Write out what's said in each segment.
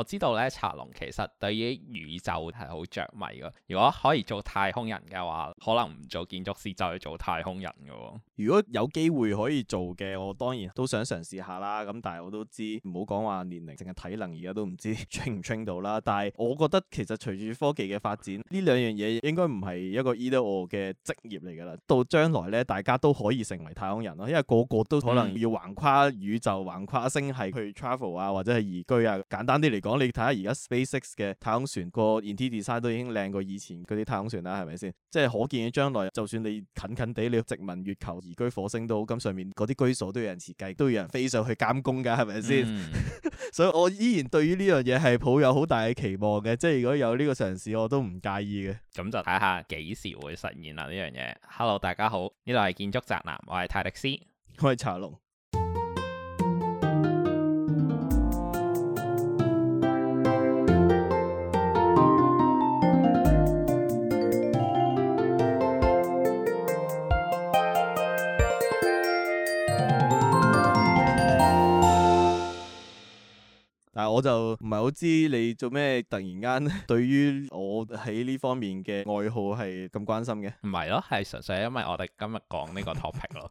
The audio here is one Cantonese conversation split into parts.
我知道咧，茶龍其實對於宇宙係好着迷噶。如果可以做太空人嘅話，可能唔做建築師就去做太空人噶，哦。如果有機會可以做嘅，我當然都想嘗試下啦。咁但係我都知，唔好講話年齡淨係體能，而家都唔知衝唔衝到啦。但係我覺得其實隨住科技嘅發展，呢兩樣嘢應該唔係一個 elite 嘅職業嚟噶啦。到將來咧，大家都可以成為太空人咯，因為個個都可能要橫跨宇宙、橫跨星系去 travel 啊，或者係移居啊。簡單啲嚟講。講你睇下而家 SpaceX 嘅太空船個 interior design 都已經靚過以前嗰啲太空船啦，係咪先？即係可見嘅將來，就算你近近地你要殖民月球、移居火星都好，咁上面嗰啲居所都有人設計，都有人飛上去監工噶，係咪先？嗯、 所以我依然對於呢樣嘢係抱有好大嘅期望嘅，即係如果有呢個嘗試，我都唔介意嘅。咁就睇下幾時會實現啦呢樣嘢。Hello，大家好，呢度係建築宅男，我係泰迪斯，我係茶龍。我就唔係好知你做咩突然間對於我喺呢方面嘅愛好係咁關心嘅。唔係咯，係純粹因為我哋今日講呢個 topic 咯。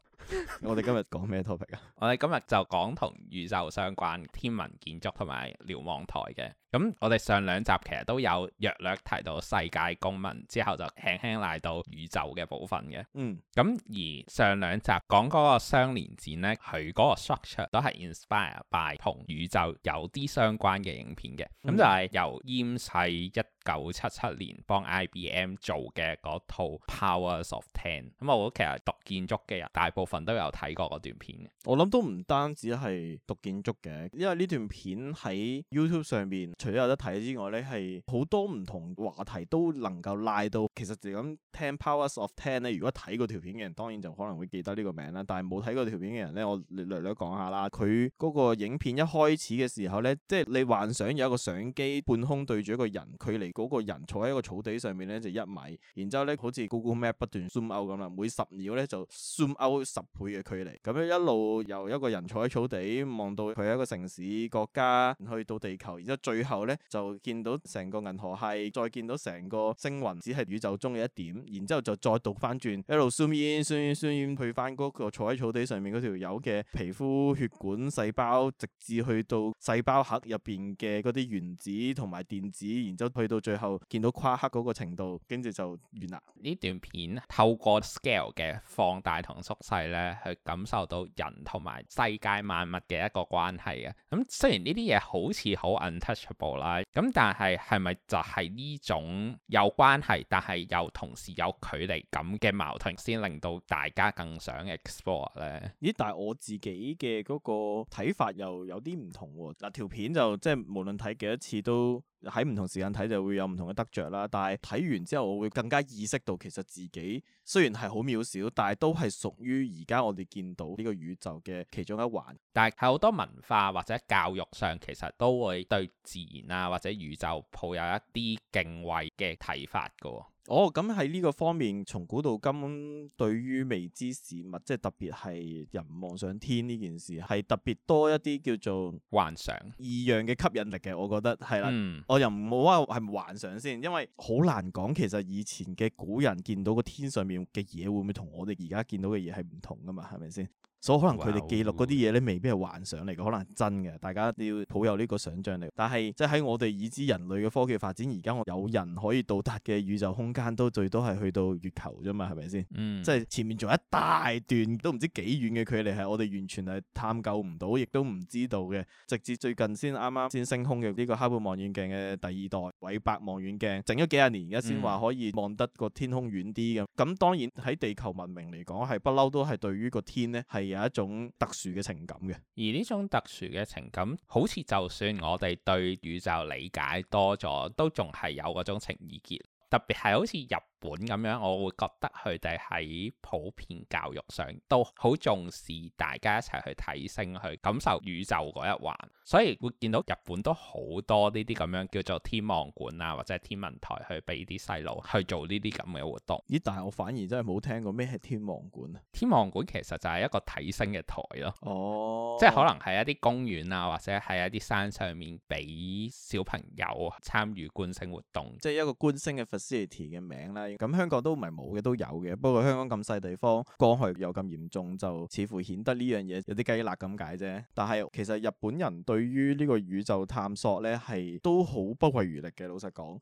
我哋今日講咩 topic 啊？我哋今日就講同宇宙相關天文建築同埋瞭望台嘅。咁我哋上兩集其實都有略略提到世界公民之後就輕輕嚟到宇宙嘅部分嘅，嗯，咁而上兩集講嗰個雙連展呢，佢嗰個 structure 都係 inspired by 同宇宙有啲相關嘅影片嘅，咁、嗯、就係由 Eames 喺一九七七年幫 IBM 做嘅嗰套 Powers of Ten，咁我諗其實讀建築嘅人大部分都有睇過嗰段片嘅，我諗都唔單止係讀建築嘅，因為呢段片喺 YouTube 上面。除咗有得睇之外咧，係好多唔同話題都能夠拉到。其實就咁聽《Powers of Ten》咧，如果睇過條片嘅人，當然就可能會記得呢個名啦。但係冇睇過條片嘅人咧，我略略講下啦。佢嗰個影片一開始嘅時候咧，即係你幻想有一個相機半空對住一個人，距離嗰個人坐喺一個草地上面咧就一米，然之後咧好似 Google Map 不斷 zoom out 咁啦，每十秒咧就 zoom out 十倍嘅距離，咁樣一路由一個人坐喺草地望到佢一個城市國家，然後去到地球，然之後最後後咧就見到成個銀河系，再見到成個星雲，只係宇宙中嘅一點。然之後就再讀翻轉，一路 zoom in zoom zoom zoom 去翻、那、嗰個坐喺草地上面嗰條友嘅皮膚、血管、細胞，直至去到細胞核入邊嘅嗰啲原子同埋電子。然之後去到最後見到夸克嗰個程度，跟住就完啦。呢段片透過 scale 嘅放大同縮細咧，去感受到人同埋世界萬物嘅一個關係啊。咁雖然呢啲嘢好似好 untouchable 部啦，咁但係係咪就係呢種有關係，但係又同時有距離感嘅矛盾，先令到大家更想 explore 咧？咦，但係我自己嘅嗰個睇法又有啲唔同，哦。嗱，啊，條片就即係無論睇幾多次都。喺唔同時間睇就會有唔同嘅得着啦，但係睇完之後我會更加意識到其實自己雖然係好渺小，但係都係屬於而家我哋見到呢個宇宙嘅其中一環。但係好多文化或者教育上，其實都會對自然啊或者宇宙抱有一啲敬畏嘅睇法嘅。哦，咁喺呢個方面，從古到今，對於未知事物，即係特別係人望上天呢件事，係特別多一啲叫做幻想、異樣嘅吸引力嘅，我覺得係啦。嗯、我又唔好話係幻想先，因為好難講。其實以前嘅古人見到個天上面嘅嘢，會唔會同我哋而家見到嘅嘢係唔同㗎嘛？係咪先？所以可能佢哋記錄嗰啲嘢咧，未必係幻想嚟嘅，可能係真嘅。大家都要抱有呢個想像力。但係即係喺我哋已知人類嘅科技發展，而家我有人可以到達嘅宇宙空間，都最多係去到月球啫嘛，係咪先？嗯。即係前面仲有一大段都唔知幾遠嘅距離，係我哋完全係探究唔到，亦都唔知道嘅。直至最近先啱啱先升空嘅呢個哈勃望遠鏡嘅第二代韋伯望遠鏡，整咗幾廿年而家先話可以望得個天空遠啲嘅。咁、嗯、當然喺地球文明嚟講，係不嬲都係對於個天咧係。有一種特殊嘅情感嘅，而呢種特殊嘅情感，好似就算我哋對宇宙理解多咗，都仲係有嗰種情意結，特別係好似入本咁樣我會覺得佢哋喺普遍教育上都好重視大家一齊去睇星，去感受宇宙嗰一環，所以會見到日本都好多呢啲咁樣叫做天望館啊或者天文台去俾啲細路去做呢啲咁嘅活動。咦，但係我反而真係冇聽過咩係天望館啊？天望館其實就係一個睇星嘅台咯，oh. 即係可能係一啲公園啊或者係一啲山上面俾小朋友參與觀星活動，即係一個觀星嘅 facility 嘅名啦。咁香港都唔係冇嘅，都有嘅。不過香港咁細地方，光害又咁嚴重，就似乎顯得呢樣嘢有啲雞肋咁解啫。但係其實日本人對於呢個宇宙探索咧，係都好不遺餘力嘅。老實講，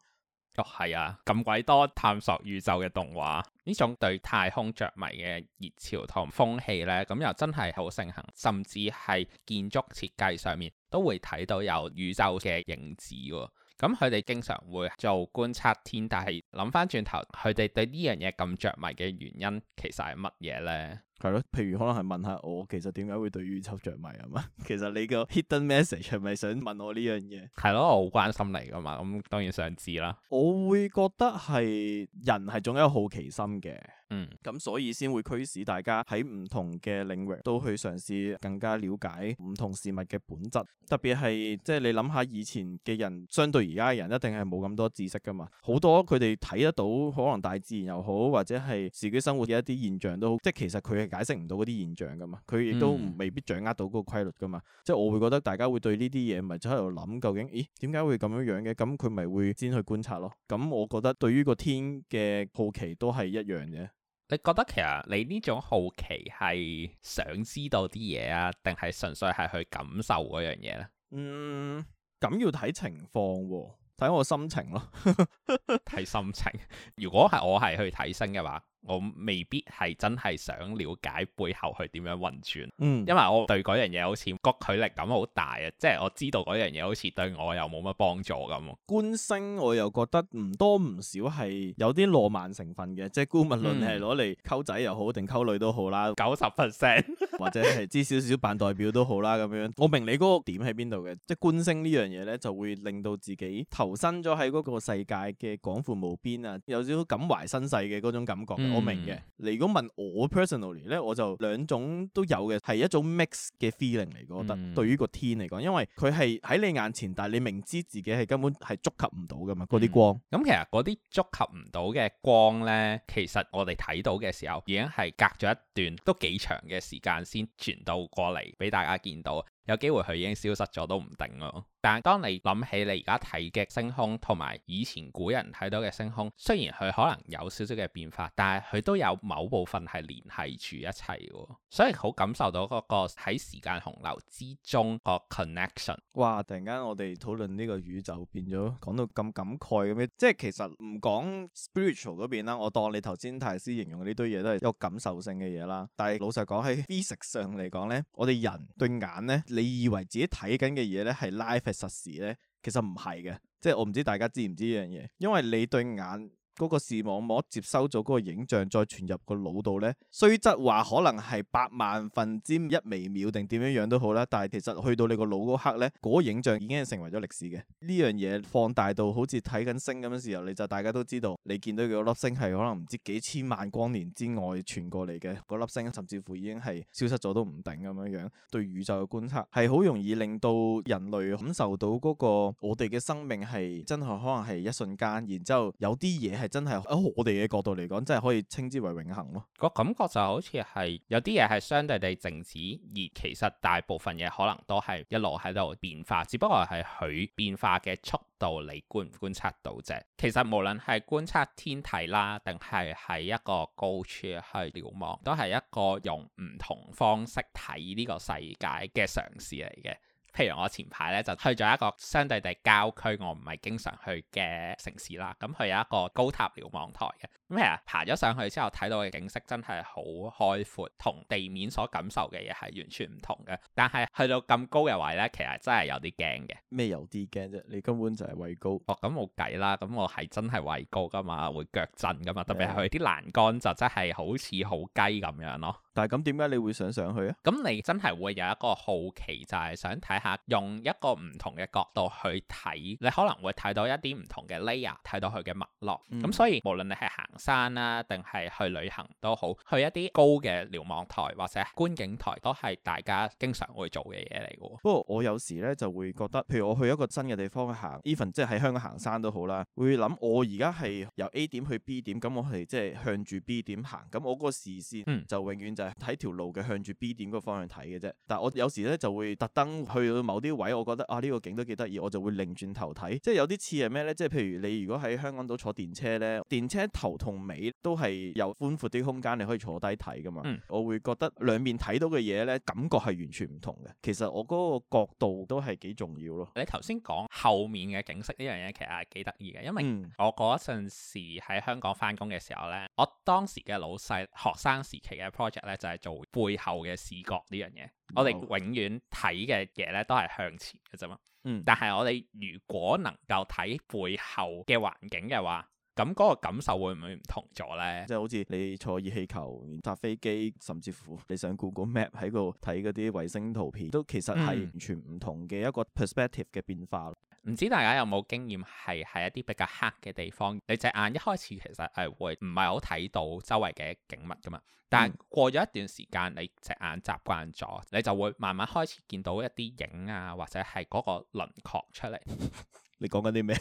哦係啊，咁鬼多探索宇宙嘅動畫，呢種對太空着迷嘅熱潮同風氣咧，咁又真係好盛行。甚至係建築設計上面都會睇到有宇宙嘅影子喎。咁佢哋經常會做觀察天，但係諗翻轉頭，佢哋對呢樣嘢咁着迷嘅原因其實係乜嘢咧？係咯，譬如可能係問下我，其實點解會對宇宙着迷啊？嘛，其實你個 hidden message 係咪想問我呢樣嘢？係咯，我好關心你㗎嘛，咁當然想知啦。我會覺得係人係總有一個好奇心嘅。嗯，咁所以先會驅使大家喺唔同嘅領域都去嘗試更加了解唔同事物嘅本質，特別係即係你諗下以前嘅人相對而家嘅人一定係冇咁多知識噶嘛，好多佢哋睇得到可能大自然又好或者係自己生活嘅一啲現象都好，即係其實佢係解釋唔到嗰啲現象噶嘛，佢亦都未必掌握到嗰個規律噶嘛，嗯、即係我會覺得大家會對呢啲嘢咪就喺度諗究竟咦點解會咁樣樣嘅，咁佢咪會先去觀察咯。咁我覺得對於個天嘅好奇都係一樣嘅。你覺得其實你呢種好奇係想知道啲嘢啊，定係純粹係去感受嗰樣嘢咧？嗯，咁要睇情況、啊，睇我心情咯、啊。睇 心情，如果係我係去睇星嘅話。我未必係真係想了解背後係點樣運轉，嗯，因為我對嗰樣嘢好似個距離感好大啊，即、就、係、是、我知道嗰樣嘢好似對我又冇乜幫助咁。觀星，我又覺得唔多唔少係有啲浪漫成分嘅，即係顧物論係攞嚟溝仔又好，定溝、嗯、女都好啦，九十 percent 或者係知少少扮代表都好啦咁樣。我明你嗰個點喺邊度嘅，即係觀星呢樣嘢呢就會令到自己投身咗喺嗰個世界嘅廣闊無邊啊，有少少感懷身世嘅嗰種感覺。嗯我明嘅，你如果你問我 personally 咧，我就兩種都有嘅，係一種 mix 嘅 feeling 嚟，我覺得對於個天嚟講，因為佢係喺你眼前，但係你明知自己係根本係觸及唔到㗎嘛，嗰啲光。咁、嗯、其實嗰啲觸及唔到嘅光咧，其實我哋睇到嘅時候，已經係隔咗一段都幾長嘅時間先傳到過嚟俾大家見到。有機會佢已經消失咗都唔定咯。但係，當你諗起你而家睇嘅星空，同埋以前古人睇到嘅星空，雖然佢可能有少少嘅變化，但係佢都有某部分係連繫住一齊嘅，所以好感受到嗰個喺時間洪流之中個 connection。哇！突然間，我哋討論呢個宇宙變咗講到咁感慨咁樣，即係其實唔講 spiritual 嗰邊啦，我當你頭先泰斯形容呢堆嘢都係一個感受性嘅嘢啦。但係老實講喺 physics 上嚟講咧，我哋人對眼咧，你以為自己睇緊嘅嘢咧係 live。實時咧，其實，唔係嘅，即係我唔知大家知唔知呢樣嘢，因為你對眼。嗰個視網膜接收咗嗰個影像，再傳入個腦度呢，雖則話可能係百萬分之一微秒定點樣樣都好啦。但係其實去到你個腦嗰刻呢個影像已經係成為咗歷史嘅。呢樣嘢放大到好似睇緊星咁嘅時候，你就大家都知道，你見到佢粒星係可能唔知幾千萬光年之外傳過嚟嘅嗰粒星，甚至乎已經係消失咗都唔定咁樣樣。對宇宙嘅觀測係好容易令到人類感受到嗰個我哋嘅生命係真係可能係一瞬間，然之後有啲嘢係。真係喺我哋嘅角度嚟講，真係可以稱之為永恒咯，啊。個感覺就好似係有啲嘢係相對地靜止，而其實大部分嘢，可能都係一路喺度變化，只不過係佢變化嘅速度你觀唔觀察到啫。其實無論係觀測天體啦，定係喺一個高處去瞭望，都係一個用唔同方式睇呢個世界嘅嘗試嚟嘅。譬如我前排呢就去咗一個相對地郊區，我唔係經常去嘅城市啦。咁佢有一個高塔瞭望台嘅。咩啊？爬咗上去之後睇到嘅景色真係好開闊，同地面所感受嘅嘢係完全唔同嘅。但係去到咁高嘅位咧，其實真係有啲驚嘅。咩有啲驚啫？你根本就係畏高。哦，咁冇計啦。咁我係真係畏高噶嘛，會腳震噶嘛。咩？特別係佢啲欄杆，就真係好似好雞咁樣咯。但係咁點解你會想上去啊？咁你真係會有一個好奇，就係、是、想睇下用一個唔同嘅角度去睇，你可能會睇到一啲唔同嘅 layer，睇到佢嘅脈絡。咁、嗯、所以無論你係行，山啦、啊，定係去旅行都好，去一啲高嘅瞭望台、或者觀景台，都係大家經常會做嘅嘢嚟嘅。不過我有時咧就會覺得，譬如我去一個新嘅地方行，even 即係喺香港行山都好啦，會諗我而家係由 A 點去 B 點，咁我係即係向住 B 點行，咁我個視線就永遠就係睇條路嘅向住 B 點嗰個方向睇嘅啫。但係我有時咧就會特登去到某啲位，我覺得啊呢個景都幾得意，我就會擰轉頭睇，即係有啲似係咩咧？即係譬如你如果喺香港度坐電車咧，電車頭、頭，同尾都係有寬闊啲空間你可以坐低睇㗎嘛，嗯、我會覺得兩面睇到嘅嘢咧，感覺係完全唔同嘅。其實我嗰個角度都係幾重要咯。你頭先講後面嘅景色呢樣嘢，其實係幾得意嘅，因為我嗰陣時喺香港返工嘅時候咧，嗯、我當時嘅老細學生時期嘅 project 咧就係、是、做背後嘅視角、哦、呢樣嘢。我哋永遠睇嘅嘢咧都係向前嘅啫嘛。嗯，但係我哋如果能夠睇背後嘅環境嘅話，咁嗰個感受會唔會唔同咗呢？即係好似你坐熱氣球、搭飛機，甚至乎你想 Google Map 喺度睇嗰啲衛星圖片，都其實係完全唔同嘅一個 perspective 嘅變化。唔、嗯、知大家有冇經驗係喺一啲比較黑嘅地方，你隻眼一開始其實係會唔係好睇到周圍嘅景物噶嘛？但係過咗一段時間，你隻眼習慣咗，你就會慢慢開始見到一啲影啊，或者係嗰個輪廓出嚟。 你講緊啲咩？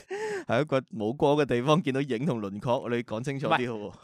喺 一個冇光嘅地方，見到影同輪廓，你講清楚啲好。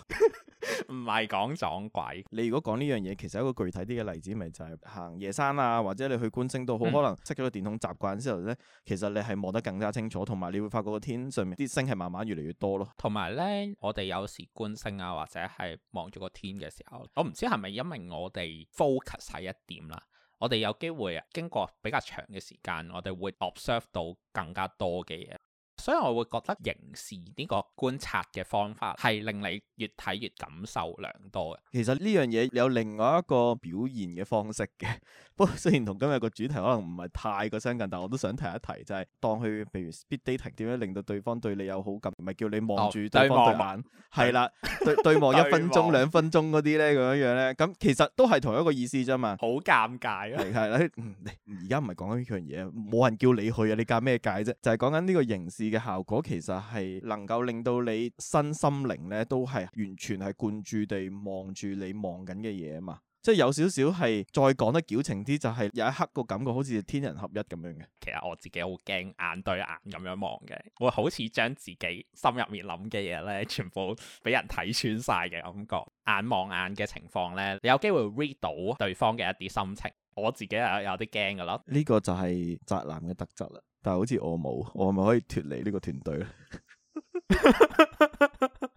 唔係講撞鬼。你如果講呢樣嘢，其實一個具體啲嘅例子，咪就係行夜山啊，或者你去觀星都好，可能熄咗個電筒，習慣之後咧，嗯、其實你係望得更加清楚，同埋你會發覺個天上面啲星係慢慢越嚟越多咯。同埋咧，我哋有時觀星啊，或者係望住個天嘅時候，我唔知係咪因為我哋 focus 喺一點啦。我哋有機會啊，經過比較長嘅時間，我哋會 observe 到更加多嘅嘢。所以我會覺得凝視呢個觀察嘅方法係令你越睇越感受良多嘅。其實呢樣嘢有另外一個表現嘅方式嘅。 不過雖然同今日個主題可能唔係太過相近，但我都想提一提，就是，就係當去譬如 speed dating 點樣令到對方對你有好感，唔係叫你望住對方對眼，係啦對對，對對望一分鐘， 望兩分鐘嗰啲咧，咁樣樣咧，咁其實都係同一個意思啫嘛。好尷尬啊！係啦， 而家唔係講緊呢樣嘢，冇人叫你去啊，你介咩介啫？就係、是、講緊呢個凝視。嘅效果其實係能夠令到你身心靈咧，都係完全係灌注地望住你望緊嘅嘢嘛。即係有少少係再講得矯情啲，就係有一刻個感覺好似天人合一咁樣嘅。其實我自己好驚眼對眼咁樣望嘅，會好似將自己心入面諗嘅嘢咧，全部俾人睇穿晒嘅感覺。眼望眼嘅情況咧，你有機會 read 到對方嘅一啲心情。我自己有有啲驚噶啦。呢個就係宅男嘅特質啦。但係好似我冇，我係咪可以脫離呢個團隊咧？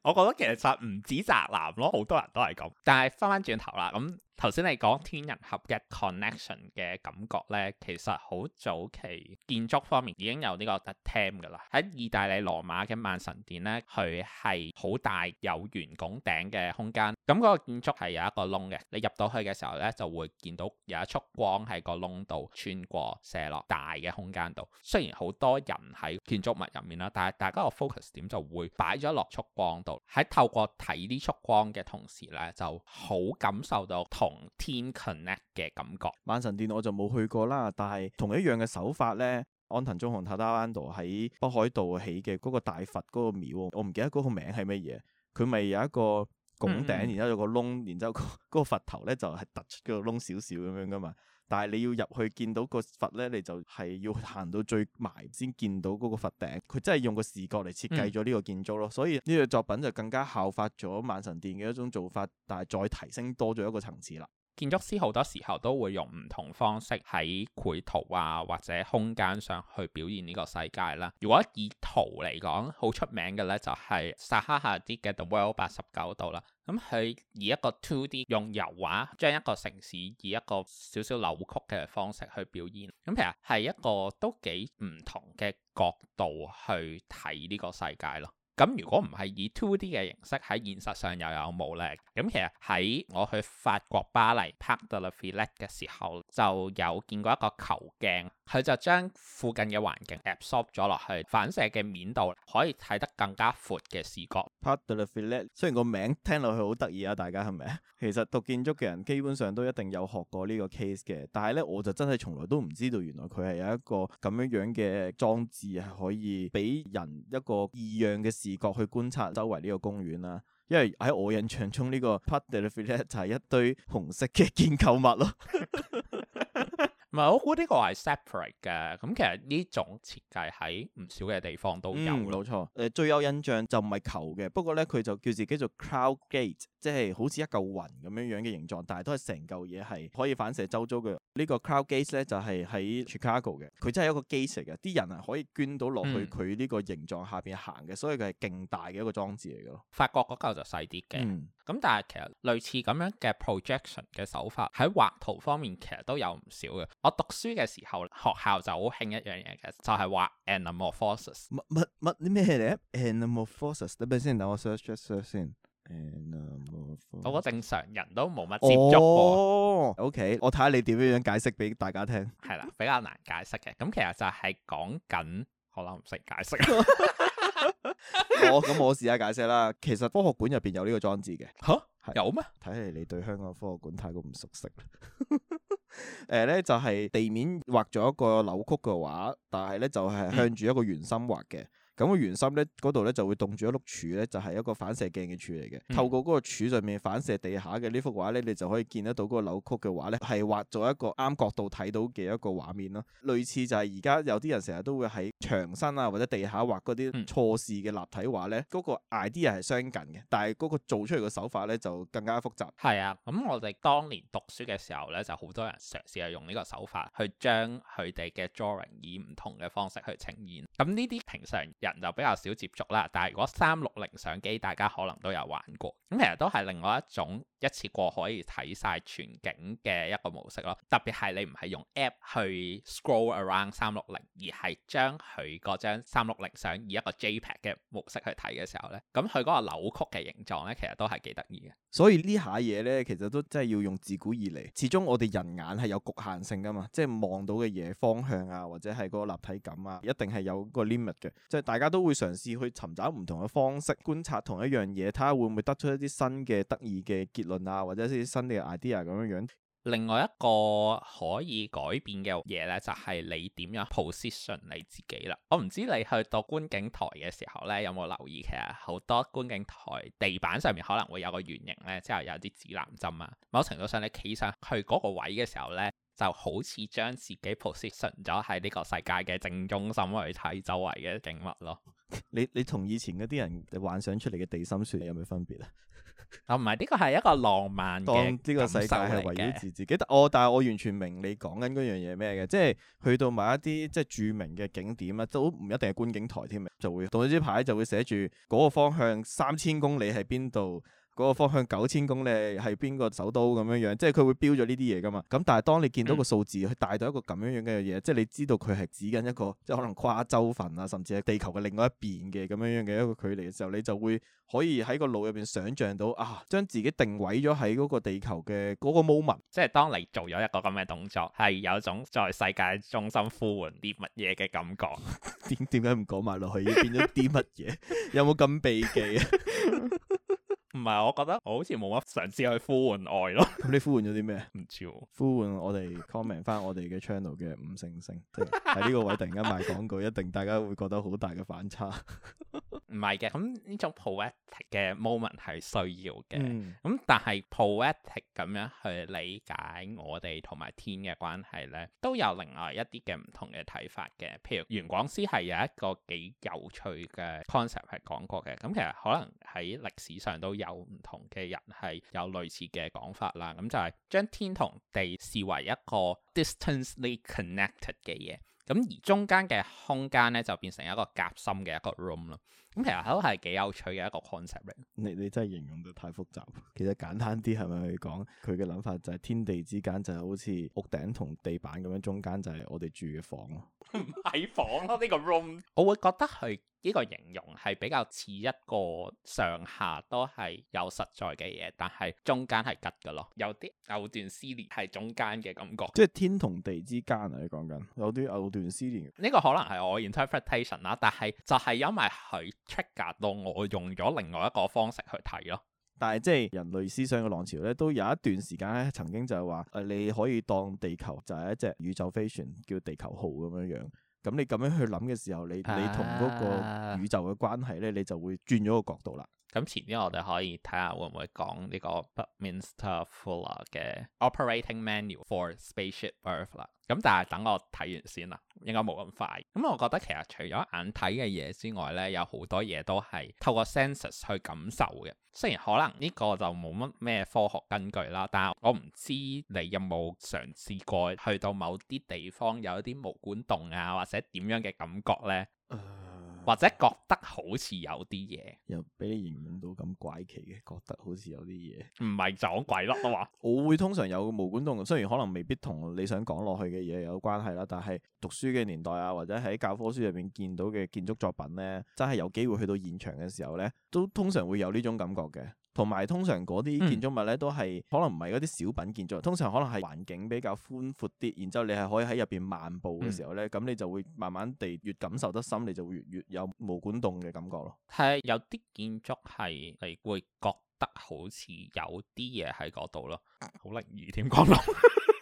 我覺得其實唔止宅男咯，好多人都係咁。但係翻翻轉頭啦，咁。頭先你講天人合一嘅 connection 嘅感覺咧，其實好早期建築方面已經有呢個 theme 㗎啦。喺意大利羅馬嘅萬神殿咧，佢係好大有圓拱頂嘅空間。咁、嗯、嗰、這個建築係有一個窿嘅，你入到去嘅時候咧，就會見到有一束光喺個窿度穿過射落大嘅空間度。雖然好多人喺建築物入面啦，但係大家個 focus 點就會擺咗落束光度。喺透過睇呢束光嘅同時咧，就好感受到。同天 connect 嘅感覺，萬神殿我就冇去過啦，但係同一樣嘅手法咧，安藤忠雄、塔達安度喺北海道起嘅嗰個大佛嗰個廟，我唔記得嗰個名係乜嘢，佢咪有一個拱頂，然之後有個窿，嗯、然之後嗰個佛頭咧就係、是、突出個窿少少咁樣㗎嘛。但係你要入去見到個佛咧，你就係要行到最埋先見到嗰個佛頂。佢真係用個視角嚟設計咗呢個建築咯，嗯、所以呢個作品就更加效法咗萬神殿嘅一種做法，但係再提升多咗一個層次啦。建築師好多時候都會用唔同方式喺繪圖啊或者空間上去表現呢個世界啦。如果以圖嚟講，好出名嘅咧就係薩哈哈蒂嘅 The World 八十九度啦。咁、嗯、佢以一個 two D 用油畫將一個城市以一個少少扭曲嘅方式去表現。咁其實係一個都幾唔同嘅角度去睇呢個世界咯。咁如果唔係以 two D 嘅形式喺現實上又有冇咧？咁其實喺我去法國巴黎 Parc de la Villette 嘅時候，就有見過一個球鏡，佢就將附近嘅環境 absorb 咗落去，反射嘅面度可以睇得更加闊嘅視覺。Parc de la Villette 雖然個名聽落去好得意啊，大家係咪 其實讀建築嘅人基本上都一定有學過呢個 case 嘅，但係咧我就真係從來都唔知道原來佢係有一個咁樣樣嘅裝置係可以俾人一個異樣嘅。視覺去觀察周圍呢個公園啦，因為喺我印象中呢個 Parc de la Villette 就係一堆紅色嘅建築物咯。唔係，我估呢個係 separate 嘅。咁其實呢種設計喺唔少嘅地方都有。冇、嗯、錯。誒、呃，最有印象就唔係球嘅，不過咧佢就叫自己做 Cloud Gate。即係好似一嚿雲咁樣樣嘅形狀，但係都係成嚿嘢係可以反射周遭嘅。呢、這個 Cloud Gate 咧就係、是、喺 Chicago 嘅，佢真係一個 gate 嚟嘅，啲人係可以捐到落去佢呢、嗯、個形狀下邊行嘅，所以佢係勁大嘅一個裝置嚟嘅咯。法國嗰嚿就細啲嘅，咁、嗯、但係其實類似咁樣嘅 projection 嘅手法喺畫圖方面其實都有唔少嘅。我讀書嘅時候學校就好興一樣嘢嘅，就係、是、畫 anamorphosis。乜乜乜啲咩咧？anamorphosis 等陣先，等我 search search 先。我個正常人都冇乜接觸。哦，OK，我睇下你點樣樣解釋俾大家聽。係啦，比較難解釋嘅。咁其實就係講緊，可能唔識解釋。我咁、 oh, 我試下解釋啦。其實科學館入邊有呢個裝置嘅。吓，有咩？睇嚟你對香港科學館太過唔熟悉啦。誒 咧、呃，就係、是、地面畫咗一個扭曲嘅畫，但係咧就係、是、向住一個圓心畫嘅。嗯咁個圓心咧，嗰度咧就會棟住一碌柱咧，就係、是、一個反射鏡嘅柱嚟嘅。透過嗰個柱上面反射地下嘅呢幅畫咧，你就可以見得到嗰個扭曲嘅畫咧，係畫咗一個啱角度睇到嘅一個畫面咯。類似就係而家有啲人成日都會喺牆身啊或者地下畫嗰啲錯視嘅立體畫咧，嗰、嗯、個 idea 係相近嘅，但係嗰個做出嚟嘅手法咧就更加複雜。係啊，咁我哋當年讀書嘅時候咧，就好多人嘗試係用呢個手法去將佢哋嘅 drawing 以唔同嘅方式去呈現。咁呢啲平常人就比較少接觸啦，但係如果三六零相機，大家可能都有玩過，咁其實都係另外一種一次過可以睇晒全景嘅一個模式咯。特別係你唔係用 app 去 scroll around 三六零，而係將佢嗰張三六零相以一個 JPEG 嘅模式去睇嘅時候咧，咁佢嗰個扭曲嘅形狀咧，其實都係幾得意嘅。所以呢下嘢咧，其實都真係要用自古以嚟，始終我哋人眼係有局限性噶嘛，即係望到嘅嘢方向啊，或者係嗰個立體感啊，一定係有個 limit 嘅，即係大家都會嘗試去尋找唔同嘅方式觀察同一樣嘢，睇下會唔會得出一啲新嘅得意嘅結論啊，或者一啲新嘅 idea 咁樣樣。另外一個可以改變嘅嘢咧，就係你點樣 position 你自己啦。我唔知你去到觀景台嘅時候咧，有冇留意其實好多觀景台地板上面可能會有個圓形咧，之後有啲指南針啊。某程度上，你企上去嗰個位嘅時候咧，就好似將自己 position 咗喺呢個世界嘅正中心去睇周圍嘅景物咯 。你你同以前嗰啲人幻想出嚟嘅地心說有冇分別 啊？啊，唔係，呢、呢個係一個浪漫嘅，呢個世界係圍繞自己、 哦。但我但係我完全明你講緊嗰樣嘢咩嘅，即係去到埋一啲即係著名嘅景點啦，都唔一定係觀景台添啊，就會到處啲牌就會寫住嗰個方向三千公里喺邊度。嗰個方向九千公里係邊個首都咁樣樣，即係佢會標咗呢啲嘢噶嘛？咁但係當你見到個數字，佢帶到一個咁樣樣嘅嘢，即係你知道佢係指緊一個，即係可能跨洲份啊，甚至係地球嘅另外一邊嘅咁樣樣嘅一個距離嘅時候，你就會可以喺個腦入邊想象到啊，將自己定位咗喺嗰個地球嘅嗰個 moment，即係當你做咗一個咁嘅動作，係有一種在世界中心呼喚啲乜嘢嘅感覺。點點解唔講埋落去？要變咗啲乜嘢？ 有冇咁避忌啊？ 唔係，我覺得我好似冇乜嘗試去呼喚愛咯。咁 你呼喚咗啲咩？唔知喎。呼喚我哋 comment 翻我哋嘅 channel 嘅五星星。即係喺呢 個位突然間賣廣告， 一定大家會覺得好大嘅反差。 唔係嘅，咁呢種 poetic 嘅 moment 係需要嘅。咁、嗯、但係 poetic 咁樣去理解我哋同埋天嘅關係呢，都有另外一啲嘅唔同嘅睇法嘅。譬如原廣司係有一個幾有趣嘅 concept 係講過嘅。咁其實可能喺歷史上都有唔同嘅人係有類似嘅講法啦。咁就係將天同地視為一個 distantly connected 嘅嘢，咁而中間嘅空間呢，就變成一個夾心嘅一個 room 咯。咁其實都係幾有趣嘅一個 concept。你你真係形容得太複雜。其實簡單啲係咪去講佢嘅諗法就係天地之間就係好似屋頂同地板咁樣，中間就係我哋住嘅房咯。喺 房咯、啊，呢、呢個 room。 我會覺得佢呢個形容係比較似一個上下都係有實在嘅嘢，但係中間係吉噶咯。有啲藕斷絲連係中間嘅感覺。即係天同地之間啊！你講緊有啲藕斷絲連。呢個可能係我 interpretation 啦，但係就係因為佢。trigger 到我用咗另外一個方式去睇咯，但係即係人類思想嘅浪潮咧，都有一段時間咧，曾經就係話誒，你可以當地球就係一隻宇宙飛船，叫地球號咁樣樣，咁你咁樣去諗嘅時候，你你同嗰個宇宙嘅關係咧，你就會轉咗個角度啦。咁前啲我哋可以睇下會唔會講呢個 Buckminster Fuller 嘅 Operating Manual for Spaceship Earth 啦。咁但係等我睇完先啦，應該冇咁快。咁我覺得其實除咗眼睇嘅嘢之外咧，有好多嘢都係透過 senses 去感受嘅。雖然可能呢個就冇乜咩科學根據啦，但係我唔知你有冇嘗試過去到某啲地方有一啲毛管戙啊，或者點樣嘅感覺咧？ 或者覺得好似有啲嘢，又俾你形容到咁怪奇嘅，覺得好似有啲嘢，唔係撞鬼咯啊！我會通常有毛管動，雖然可能未必同你想講落去嘅嘢有關係啦，但係讀書嘅年代啊，或者喺教科書入邊見到嘅建築作品咧，真係有機會去到現場嘅時候咧，都通常會有呢種感覺嘅。同埋通常嗰啲建築物咧都係可能唔係嗰啲小品建築，通常可能係環境比較寬闊啲，然之後你係可以喺入邊漫步嘅時候咧，咁、嗯、你就會慢慢地越感受得深，你就會越，越有毛管動嘅感覺咯。係有啲建築係你會覺得好似有啲嘢喺嗰度咯，好靈異點講咯。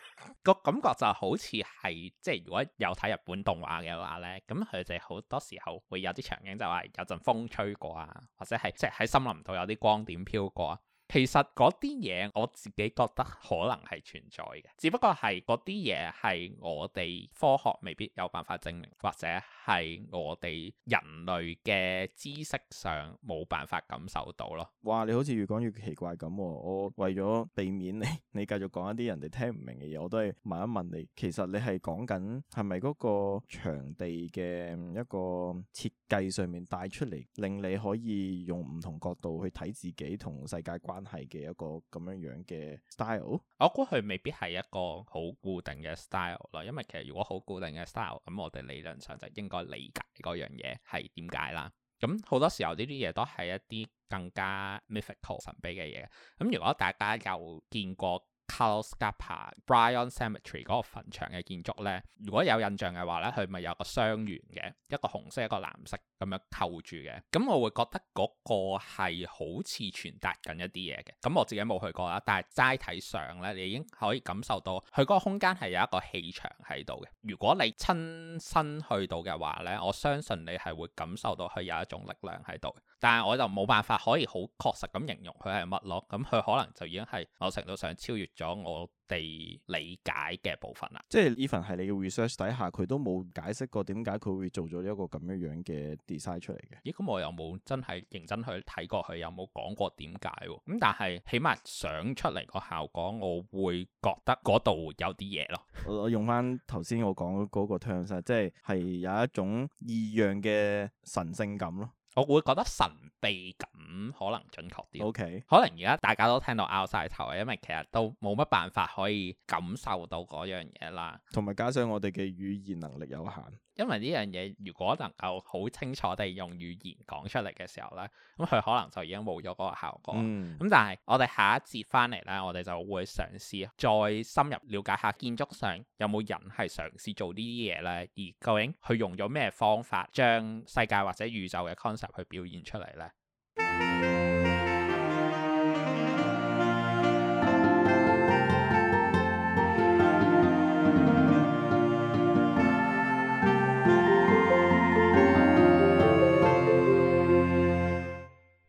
個感覺就好似係即係，如果有睇日本動畫嘅話咧，咁佢哋好多時候會有啲場景就話有陣風吹過啊，或者係即係喺森林度有啲光點飄過啊。其實嗰啲嘢我自己覺得可能係存在嘅，只不過係嗰啲嘢係我哋科學未必有辦法證明，或者係我哋人類嘅知識上冇辦法感受到咯。哇！你好似越講越奇怪咁喎。我為咗避免你你繼續講一啲人哋聽唔明嘅嘢，我都係問一問你。其實你係講緊係咪嗰個場地嘅一個設計上面帶出嚟，令你可以用唔同角度去睇自己同世界關係？係嘅一個咁樣樣嘅 style，我估佢未必係一個好固定嘅 style 咯，因為其實如果好固定嘅 style，咁我哋理論上就應該理解嗰樣嘢係點解啦。咁好多時候呢啲嘢都係一啲更加 mystical 神秘嘅嘢。咁如果大家有見過。卡洛斯卡帕 Brion Cemetery 嗰個墳場嘅建築咧，如果有印象嘅話咧，佢咪有個雙圓嘅，一個紅色一個藍色咁樣扣住嘅，咁我會覺得嗰個係好似傳達緊一啲嘢嘅。咁我自己冇去過啦，但係齋睇相咧，你已經可以感受到佢個空間係有一個氣場喺度嘅。如果你親身去到嘅話咧，我相信你係會感受到佢有一種力量喺度，但係我就冇辦法可以好確實咁形容佢係乜咯。咁佢可能就已經係某程度上超越咗。咗我哋理解嘅部分啦，即係 Even 係你嘅 research 底下，佢都冇解釋過點解佢會做咗一個咁樣樣嘅 design 出嚟。嘅。咦？咁我又冇真係認真去睇過去，佢有冇講過點解？咁、嗯、但係起碼想出嚟個效果，我會覺得嗰度有啲嘢咯。我我用翻頭先我講嗰個 tension 即係係有一種異樣嘅神聖感咯。我會覺得神秘感可能準確啲，OK？可能而家大家都聽到拗晒頭啊，因為其實都冇乜辦法可以感受到嗰樣嘢啦，同埋加上我哋嘅語言能力有限。因為呢樣嘢如果能夠好清楚地用語言講出嚟嘅時候呢，咁佢可能就已經冇咗嗰個效果。咁、嗯、但係我哋下一節翻嚟呢，我哋就會嘗試再深入了解下建築上有冇人係嘗試做呢啲嘢呢，而究竟佢用咗咩方法將世界或者宇宙嘅 concept 去表現出嚟呢？嗯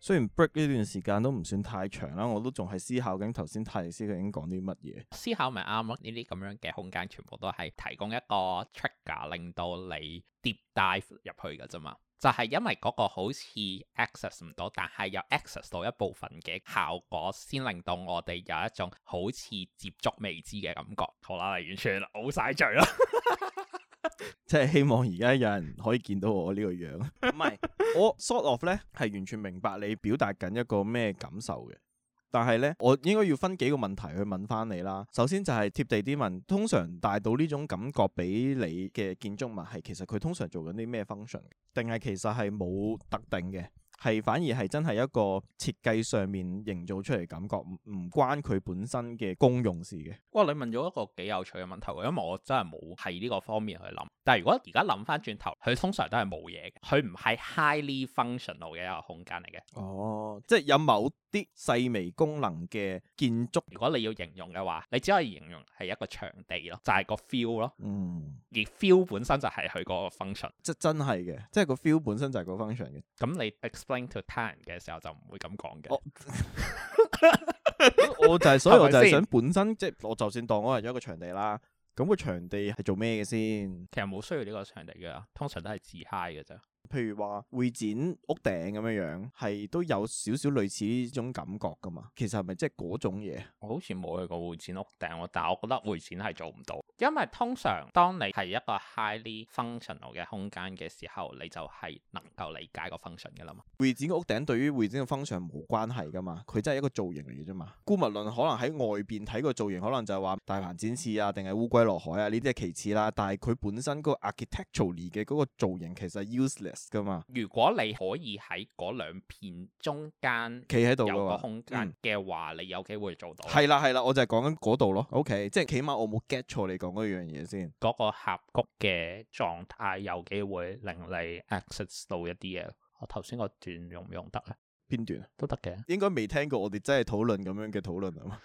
雖然 break 呢段時間都唔算太長啦，我都仲係思考緊頭先泰師佢已經講啲乜嘢。思考咪啱咯？呢啲咁樣嘅空間全部都係提供一個 trigger，令到你 deep dive 入去嘅啫嘛。就係因為嗰個好似 access 唔到，但係又 access 到一部分嘅效果，先令到我哋有一種好似接觸未知嘅感覺。好啦，完全冇晒嘴啦～ 即係 希望而家有人可以見到我呢個樣。 唔係，我 sort of 呢係完全明白你表達緊一個咩感受嘅，但係呢，我應該要分幾個問題去問翻你啦。首先就係貼地啲問，通常帶到呢種感覺俾你嘅建築物係其實佢通常做緊啲咩 function，定係其實係冇特定嘅？係反而係真係一個設計上面營造出嚟感覺，唔唔關佢本身嘅功用事嘅。不過哇！你問咗一個幾有趣嘅問題，因為我真係冇係呢個方面去諗。但係如果而家諗翻轉頭，佢通常都係冇嘢嘅，佢唔係 highly functional 嘅一個空間嚟嘅。哦，即係有某啲細微功能嘅建築，如果你要形容嘅話，你只可以形容係一個場地咯，就係個 feel 咯。嗯，而 feel 本身就係佢嗰個 function，即真係嘅，即係個 feel 本身就係個 function 嘅。咁你 ex？explain to 他人嘅時候就唔會咁講嘅，我就係、 就是、所以我就係想本身 即係我就算當我係咗一個場地啦。咁、個場地係做咩嘅先？其實冇需要呢個場地嘅，通常都係自嗨 i g 嘅啫。譬如話會展屋頂咁樣樣，係都有少少類似呢種感覺噶嘛？其實係咪即係嗰種嘢？我好似冇去過會展屋頂，但係我覺得會展係做唔到，因為通常當你係一個 highly functional 嘅空間嘅時候，你就係能夠理解個 function 嘅啦嘛。會展屋頂對於會展嘅 function 冇關係噶嘛，佢真係一個造型嚟嘅啫嘛。姑勿論可能喺外邊睇個造型，可能就係話大鵬展翅啊，定係烏龜落海啊，呢啲係其次啦。但係佢本身嗰個 architecturally 嘅嗰個造型，其實係 useless。噶嘛，如果你可以喺嗰兩片中間企喺度有個空間嘅話，嗯、你有機會做到。係啦係啦，我就係講緊嗰度咯。OK，即係起碼我冇 get 錯你講嗰樣嘢先。嗰個峽谷嘅狀態有機會令你 access 到一啲嘢。我頭先個段有有用唔用得啊？邊段都得嘅，應該未聽過我哋真係討論咁樣嘅討論啊嘛。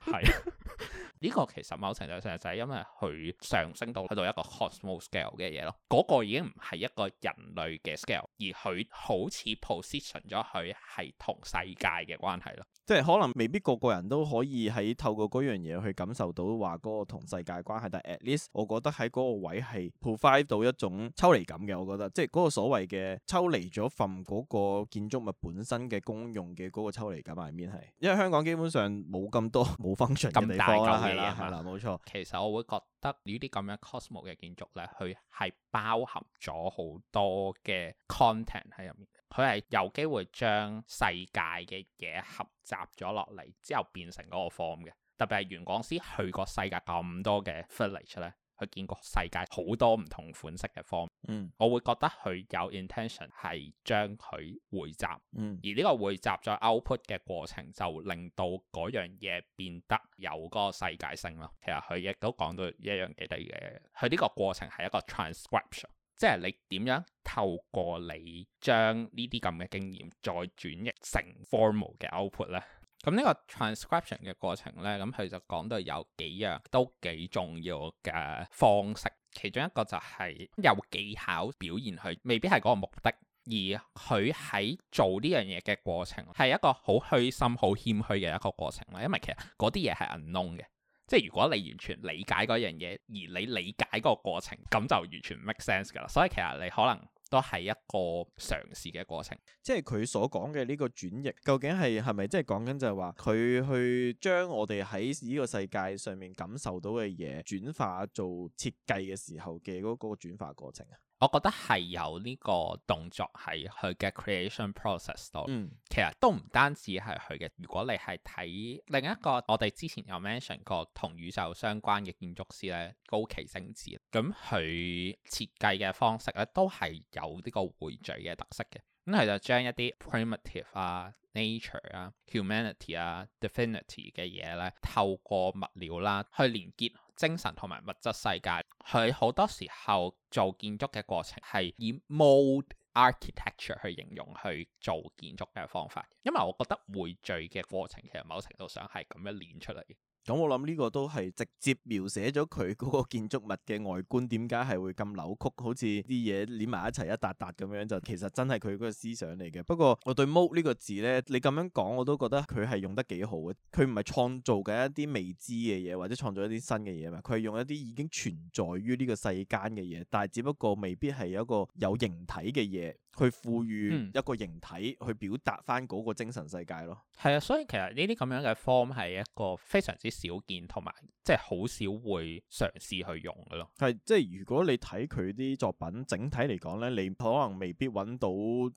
係。 呢個其實某程度上就係因為佢上升到喺度一個 cosmos scale 嘅嘢咯，嗰個已經唔係一個人類嘅 scale，而佢好似 position 咗佢係同世界嘅關係咯。即係可能未必個個人都可以喺透過嗰樣嘢去感受到話嗰個同世界嘅關係，但係 at least 我覺得喺嗰個位係 provide 到一種抽離感嘅，我覺得即係嗰個所謂嘅抽離咗份嗰個建築物本身嘅功用嘅嗰個抽離感，係咪先係？因為香港基本上冇咁多冇 function 咁大係啦，係啦，冇、嗯、錯。錯其實我會覺得這這呢啲咁樣 cosmo 嘅建築咧，佢係包含咗好多嘅 content 喺入面。佢係有機會將世界嘅嘢合集咗落嚟之後變成嗰個 form 嘅。特別係原廣司去過世界咁多嘅 village 咧。去見過世界好多唔同款式嘅方，嗯，我會覺得佢有 intention 係將佢匯集，嗯，而呢個匯集再 output 嘅過程就令到嗰樣嘢變得有個世界性咯。其實佢亦都講到一樣嘅嘢，佢呢個過程係一個 transcription，即係你點樣透過你將呢啲咁嘅經驗再轉譯成 formal 嘅 output 咧？咁呢個 transcription 嘅過程咧，咁佢就講到有幾樣都幾重要嘅方式，其中一個就係有技巧表現，佢未必係嗰個目的，而佢喺做呢樣嘢嘅過程係一個好虛心、好謙虛嘅一個過程啦。因為其實嗰啲嘢係 unknown 嘅，即係如果你完全理解嗰樣嘢，而你理解個過程，咁就完全 make sense 噶啦。所以其實你可能，都係一個嘗試嘅過程，即係佢所講嘅呢個轉譯，究竟係係咪即係講緊就係話佢去將我哋喺呢個世界上面感受到嘅嘢轉化做設計嘅時候嘅嗰嗰個轉化過程啊？我覺得係有呢個動作喺佢嘅 creation process 度，嗯、其實都唔單止係佢嘅。如果你係睇另一個我哋之前有 mention 過同宇宙相關嘅建築師咧，高崎正治，咁佢設計嘅方式咧都係有呢個匯聚嘅特色嘅。咁佢就將一啲 primitive 啊、nature 啊、humanity 啊、divinity 嘅嘢咧，透過物料啦去連結精神同埋物質世界。佢好多時候做建築嘅過程係以 mode architecture 去形容去做建築嘅方法，因為我覺得匯聚嘅過程其實某程度上係咁樣煉出嚟。咁、嗯、我諗呢個都係直接描寫咗佢嗰個建築物嘅外觀，點解係會咁扭曲，好似啲嘢黏埋一齊一笪笪咁樣，就其實真係佢嗰個思想嚟嘅。不過我對 mode 呢個字呢，你咁樣講，我都覺得佢係用得幾好嘅。佢唔係創造緊一啲未知嘅嘢或者創造一啲新嘅嘢嘛，佢係用一啲已經存在於呢個世間嘅嘢，但係只不過未必係有一個有形體嘅嘢。去賦予一個形體，嗯，去表達返嗰個精神世界咯，係啊，所以其實呢啲咁樣嘅 form 係一個非常之少見同埋，即係好少會嘗試去用嘅咯。係即係如果你睇佢啲作品整體嚟講咧，你可能未必揾到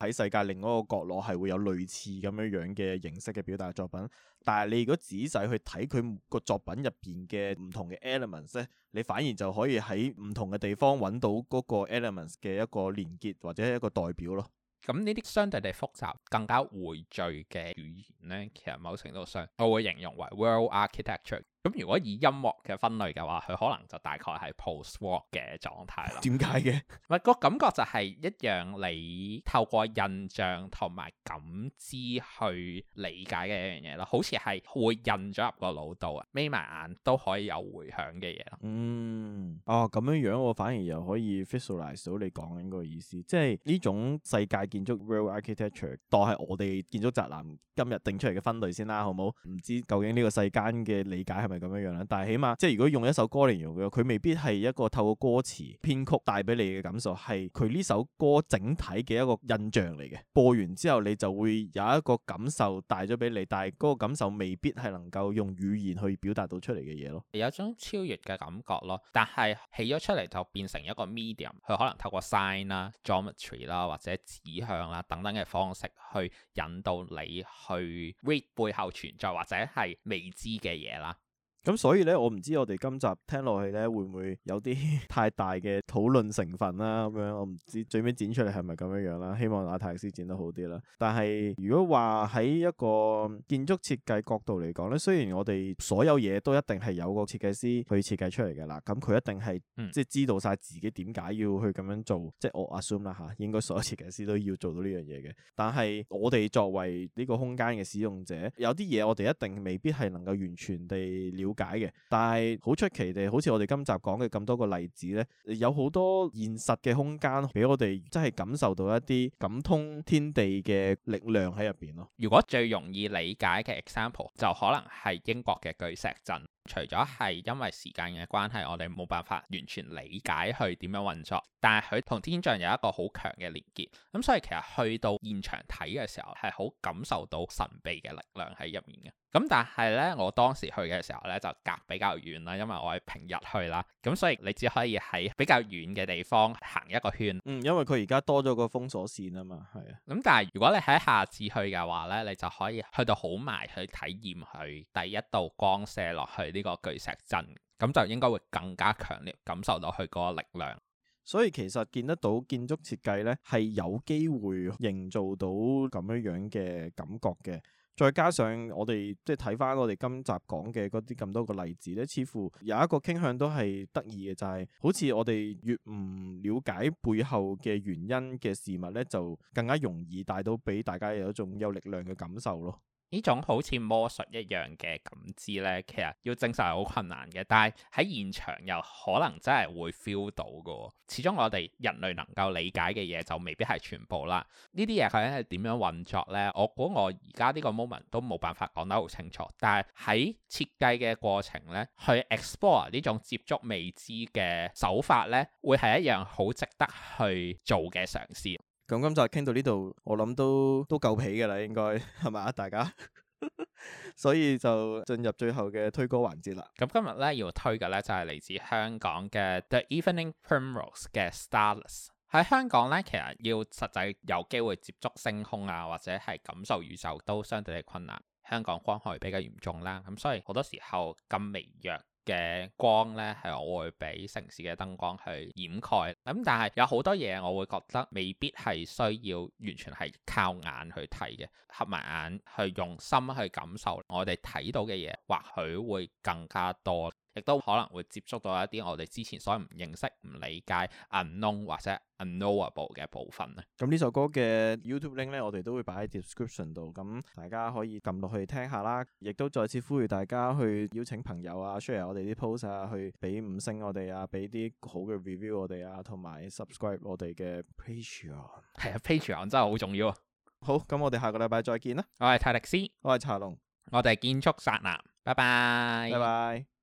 喺世界另一個角落係會有類似咁樣樣嘅形式嘅表達作品。但係你如果仔細去睇佢個作品入邊嘅唔同嘅 elements 咧，你反而就可以喺唔同嘅地方揾到嗰個 elements 嘅一個連結或者一個代表咯。咁呢啲相對地複雜、更加匯聚嘅語言咧，其實某程度上我會形容為 world architecture。咁如果以音樂嘅分類嘅話，佢可能就大概係 post rock 嘅狀態啦。點解嘅？唔係個感覺就係一樣你透過印象同埋感知去理解嘅一樣嘢咯，好似係會印咗入個腦度啊，眯埋眼都可以有回響嘅嘢咯。嗯，哦咁樣樣我反而又可以 visualize 到你講緊個意思，即係呢種世界建築 world architecture） 當係我哋建築宅男今日定出嚟嘅分類先啦，好唔好？唔知究竟呢個世間嘅理解係。咪咁樣樣啦，但係起碼即係如果用一首歌嚟用嘅，佢未必係一個透過歌詞、編曲帶俾你嘅感受，係佢呢首歌整體嘅一個印象嚟嘅。播完之後，你就會有一個感受帶咗俾你，但係嗰個感受未必係能夠用語言去表達到出嚟嘅嘢咯。係有一種超越嘅感覺咯，但係起咗出嚟就變成一個 medium，佢可能透過 sign 啦、啊、geometry 啦、啊、或者指向啦、啊、等等嘅方式去引導你去 read 背後存在或者係未知嘅嘢啦。咁所以咧，我唔知我哋今集聽落去咧會唔會有啲 太大嘅討論成分啦？咁樣我唔知最屘剪出嚟係咪咁樣樣啦。希望阿泰斯剪得好啲啦。但係如果話喺一個建築設計角度嚟講咧，雖然我哋所有嘢都一定係有個設計師去設計出嚟嘅啦，咁佢一定係、嗯、即係知道晒自己點解要去咁樣做，即係我 assume 啦吓，應該所有設計師都要做到呢樣嘢嘅。但係我哋作為呢個空間嘅使用者，有啲嘢我哋一定未必係能夠完全地了解嘅，但係好出奇地，好似我哋今集講嘅咁多個例子咧，有好多現實嘅空間俾我哋真係感受到一啲感通天地嘅力量喺入邊咯。如果最容易理解嘅 example 就可能係英國嘅巨石陣。除咗係因為時間嘅關係，我哋冇辦法完全理解佢點樣運作，但係佢同天象有一個好強嘅連結，咁所以其實去到現場睇嘅時候，係好感受到神秘嘅力量喺入面嘅。咁但係咧，我當時去嘅時候咧就隔比較遠啦，因為我係平日去啦，咁所以你只可以喺比較遠嘅地方行一個圈。嗯，因為佢而家多咗個封鎖線啊嘛，係啊。咁但係如果你喺下次去嘅話咧，你就可以去到好埋去體驗佢第一道光射落去。呢個巨石陣咁就應該會更加強烈感受到佢嗰個力量，所以其實見得到建築設計呢，係有機會營造到咁樣樣嘅感覺嘅，再加上我哋即係睇翻我哋今集講嘅嗰啲咁多個例子呢，似乎有一個傾向都係得意嘅，就係、是、好似我哋越唔了解背後嘅原因嘅事物呢，就更加容易帶到俾大家有一種有力量嘅感受咯。呢種好似魔術一樣嘅感知呢，其實要證實係好困難嘅，但係喺現場又可能真係會 feel 到嘅。始終我哋人類能夠理解嘅嘢就未必係全部啦。呢啲嘢究竟係點樣運作呢？我估我而家呢個 moment 都冇辦法講得好清楚。但係喺設計嘅過程呢，去 explore 呢種接觸未知嘅手法呢，會係一樣好值得去做嘅嘗試。咁今集傾到呢度，我諗都都夠皮噶啦，應該係嘛？大家 所以就進入最後嘅推歌環節啦。咁今日咧要推嘅咧就係、是、嚟自香港嘅 The Evening Primrose 嘅 Starless。喺香港咧，其實要實際有機會接觸星空啊，或者係感受宇宙都相對嘅困難。香港光害比較嚴重啦、啊，咁所以好多時候咁微弱。嘅光咧，係我會俾城市嘅燈光去掩蓋。咁、嗯、但係有好多嘢，我會覺得未必係需要完全係靠眼去睇嘅，合埋眼去用心去感受我，我哋睇到嘅嘢或許會更加多。亦都可能會接觸到一啲我哋之前所唔認識、唔理解、unknown 或者 unknowable 嘅部分咧。咁呢首歌嘅 YouTube link 咧，我哋都會擺喺 description 度，咁大家可以撳落去聽下啦。亦都再次呼籲大家去邀請朋友啊，share 我哋啲 post 啊，去俾五星我哋啊，俾啲好嘅 review 我哋啊，同埋 subscribe 我哋嘅 Patreon。係啊、哎、Patreon 真係好重要啊！好，咁我哋下個禮拜再見啦。我係泰迪斯，我係茶龍，我哋建築宅男，拜拜，拜拜。